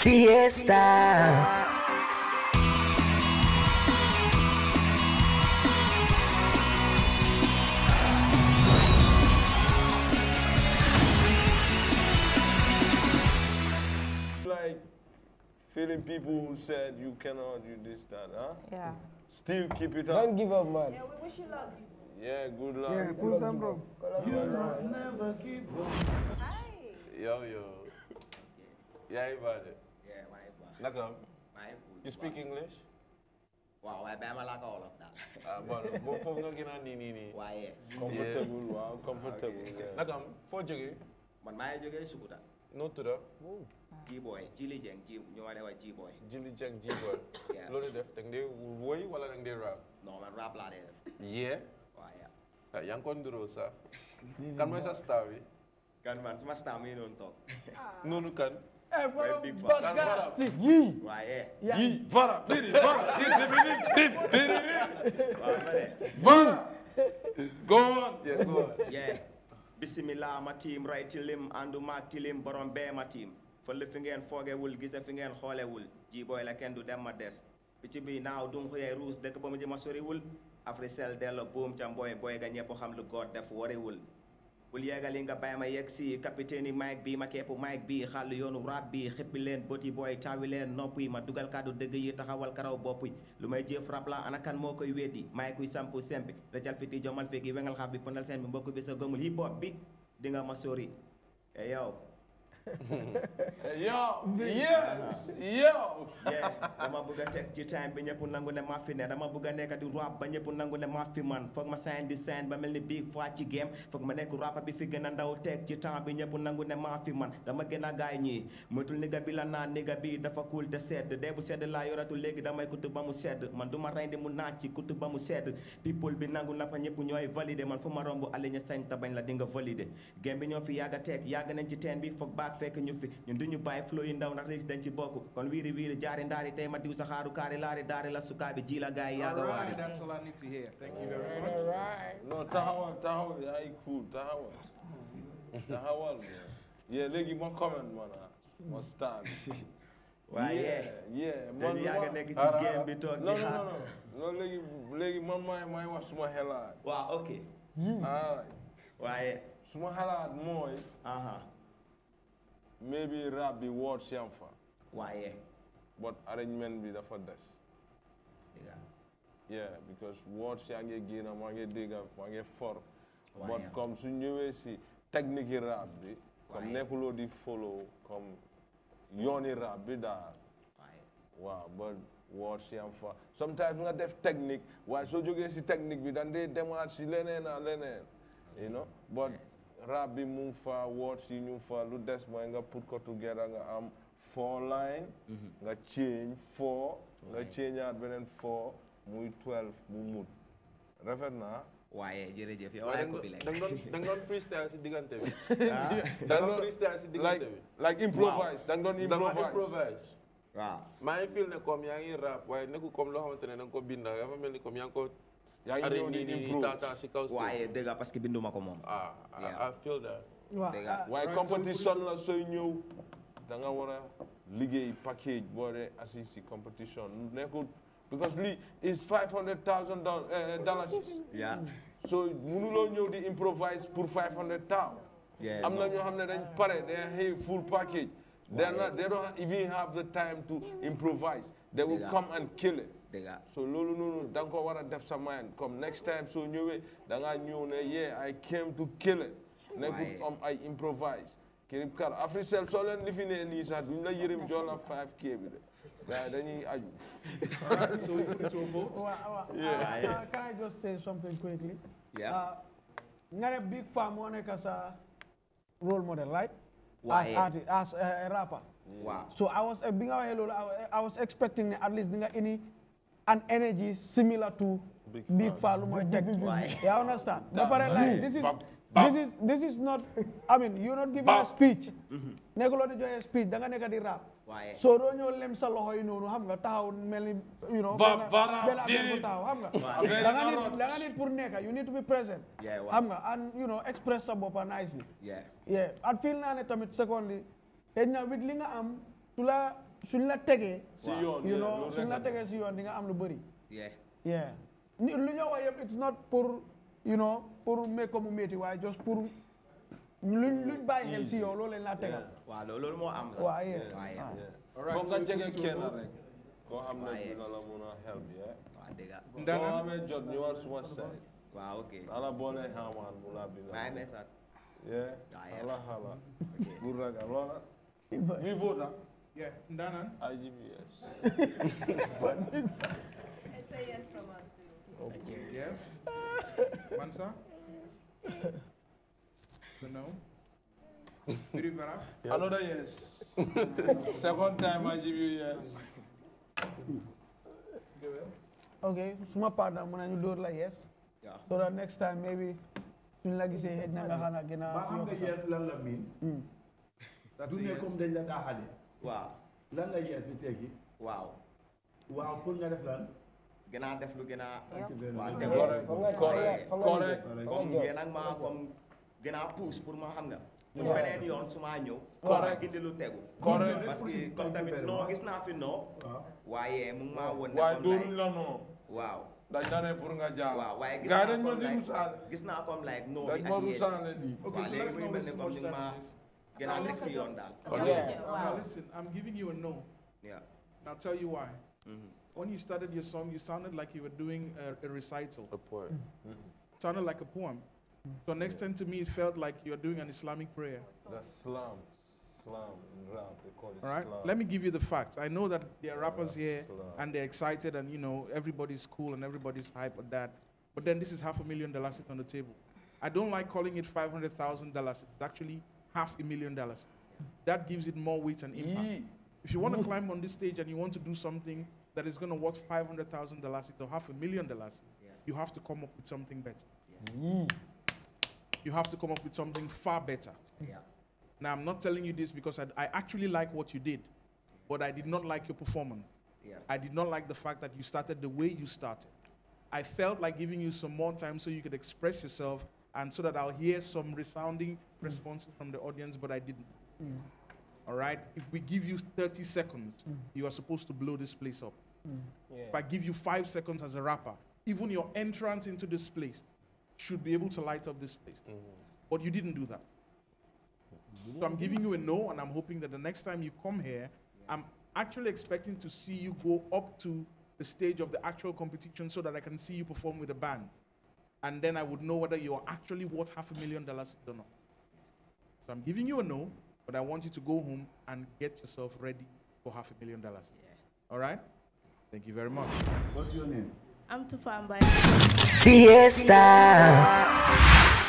fiesta. Like feeling people who said you cannot do this, that, huh? Yeah. Still keep it up. Don't give up, man. Yeah, we wish you luck. Yeah, good luck. Yeah, pull them, bro. You must never give up. Hi. Yo, yo. yeah, everybody. Like You speak English? Wow, waaye bàyyi all of that. wolof daal. ah bon moom nini. nga gën a comfortable waaw comfortable. naka am foo jógee. man maa ngi jógee G boy, tudd. Jiboy G Jeng ji ñu ma ne wa Jiboy. Jili G boy. loolu def da deh, dee woi, wala da de rap. No, man rap laa dee def. yee. waaye. ah yaa kan mooy sa kan man suma star mi Bagasse. Yi. Yi. Vara. Viri. Vara. Go on. Yes, Lord. Yeah. Bismillah, my team. Right till him. Andu mark till him. finger and my team. Fële fi ngeen foogewul gise fi ngeen xoolewul ji booy la kenn du dem ma des picc bi naaw dung xëyee ruus dëkk ba mu jëma soriwul afrisel delloo buum ca mbooy booy ga ñëpp xam lu góor def warewul bul yeegal yi nga bàyyi si capitaine Mike B ma kepp Mike B xàll yoonu rab bi xippi leen bëti booy taawi leen nopp yi ma dugal kàddu dëgg yi taxawal karaw bopp yi la weddi kuy sampu sempi racal fi di jomal fii gi wengal xaaf bi sen seen bi mbokk bi sa gëmul hip hop bi di nga ma sori yow Yo, yes, yo. yeah dama bëgg a teg ci time bi ñëpp nangu ne maa fi ne dama bëgg a nekk di rap ba ñëpp nangu ne maa man foog ma sign di sign ba mel ni big fois ci game foog ma nekk rap bi fi gën a ndaw teg ci temps bi ñëpp nangu ne maa fi man dama gën a gaay ñii moytul nigga bi la naan nigga bi dafa cool te sedd dee bu sedd laa yoratul léegi damay kutu ba mu sedd man du ma rendi mu naaj ci kutu ba mu sedd people bi nangu na fa ñëpp ñooy validé man fu ma romb aliña sañ ta bañ la di nga validé game bi ñoo fi yàgg a teg yàgg nañ ci teen bi foog baak fekk ñu fi ñun duñu bàyyi flow yi ndaw ndax riis dañ ci bokk kon wiiri wiiri jaari ndaari tey ma diw saxaaru kaari daari la sukaabi ji la gaay yaaga waari that's ma comment ah. ma stand waaye yee man suma xelaat waaw ok waaye suma xalaat mooy maybe rap bi words yam fa waaye but arrangement bi dafa des dëgga yeah because words yaa ngi génn maa ngi dégg maa ngi for but comme su ñëwee si technique rap bi comme nekkuloo di follow comme yooni rap bi daal waaw but words yam fa sometimes nga def technique waaye soo jógee si technique bi dan dee demaat si leneen a leneen you know rap bi mu ngi fa words yi ñu ngi fa lu des mooy nga put ko together nga am four line mhm. nga change four nga change aat beneen four muy twelve mu mut rafet na waaye jërëjëf yow laay da nga doon da nga si diggante bi ah. da nga doon freestyle si diggante bi like improvise da nga doon improvise waaw maa ngi feel ne comme yaa ngi rap waaye nekku comme loo xamante ne da ko bind dafa mel ni comme yaa ngi ko Ah, I ngi not need improve waaye dëgg parce que binduma ah I feel that. waaw waaye competition la sooy ñëw Danga nga League package boo assist competition because lii is five hundred thousand eh, eh, dollars. Yeah. so mënuloo ñëw di improvise pour five hundred thousand. am not ñoo hamle ne dañ pare they have full package. they don't even have the time to improvise. they will come and kill it dëgg so loolu noonu da nga ko war a def sa mind comme next time so ñëwee da ngaa ñëw ne yeah I came to kill it. nekkul am I improvise. kirib kar Africell soo leen lifinee nii sax duñ la yërëm jox la 5K bi de gars dañuy aju. so you put your vote. waaw ah, can I just say something quickly. yeah. Ah, nga ne Big Faa moo nekk sa role model right. as eh. artist as a eh, eh, rapper. wow so I was bi nga waxee I was expecting at least di nga and energy similar to Big, big Faluma Jack. yeah, I understand. But like, this is this is this is not. I mean, you're not giving a speech. Mm-hmm. Nekolo di a speech. Danga neka di rap. So don't you lem sa lohoy no no hamga tao meli you know. Bela bela bela tao hamga. Danga ni danga ni pur You need to be present. Yeah. Hamga and you know express sa bopa nicely. Yeah. Yeah. At feel na ne tamit secondly. Edna with linga am tula suñ la ya? ya, ya iya. iya. you know suñ la kan si yoon di nga am lu bari yeah yeah ni lu ñoo wax it's not pour you know pour me comme mu way just pour luñ luñ bayi xel si yow loolu la laa wa waaw loolu am la. wa yeah right foog nga jege kenn rek. koo xam ne dina la mun a help yeah. wa dëgg ndana soo amee jot ñu war suma say. wa ok ala boole xaamaan mu la bi. waaye mais sax. yeah ala hala burra bu ragal loola. bi vote Yeah, Ndanan? IGBS. it's a yes from us too. Okay. Yes? Mansa? The no? Viribara? Yep. Another yes. Second time I yes. Okay, suma partner mun nañu dulu lah yes. Yeah. So that next time maybe suñ la gisee xëj na nga xana gën a. Ba yes lan la miin. Hmm. That's a yes. Du ne waaw lan la yees bi tekki waaw waaw pour nga def lan gën a def lu gën a waaw te correct comme ngeen ak ma comme gën a pousse pour ma xam nga pour beneen yoon su ma ñëw correct indi lu tegu correct parce que comme tamit non gis naa fi non waaye mu ngi maa woon ne waaye dóoruñ la non waaw dañ daanee pour nga jaar waaw waaye gis naa comme like gis naa comme like non bi ak yéen waaw léegi muy mel ne comme ni ma Can I listen to you on that? Okay. Yeah. Wow. Now listen, I'm giving you a no. Yeah. And I'll tell you why. Mm -hmm. When you started your song, you sounded like you were doing a, a recital. A poem. Mm -hmm. Sounded like a poem. So next yeah. time to me, it felt like you're doing an Islamic prayer. The slums. Slam and rap, they call it All right. Let me give you the facts. I know that there are rappers yeah, here and they're excited and you know everybody's cool and everybody's hype at that. But then this is half a million dollars on the table. I don't like calling it five hundred thousand dollars. It's actually half a million dollars. That gives it more weight and impact. Yeah. If you want to climb on this stage and you want to do something that is going to worth five hundred thousand dollars or half a million dollars, yeah. you have to come up with something better. Yeah. You have to come up with something far better. Now I'm not telling you this because I, I actually like what you did, but I did not like your performance. I did not like the fact that you started the way you started. I felt like giving you some more time so you could express yourself and so that I'll hear some resounding responses from the audience, but I didn't. Mm. All right? If we give you 30 seconds, mm. you are supposed to blow this place up. Mm. Yeah. If I give you five seconds as a rapper, even your entrance into this place should be able to light up this place. Mm. But you didn't do that. So I'm giving you a no, and I'm hoping that the next time you come here, yeah. I'm actually expecting to see you go up to the stage of the actual competition so that I can see you perform with a band. And then I would know whether you're actually worth half a million dollars or not. So I'm giving you a no, but I want you to go home and get yourself ready for half a million dollars. Yeah. All right? Thank you very much. What's your name? I'm Tufamba. Fiesta.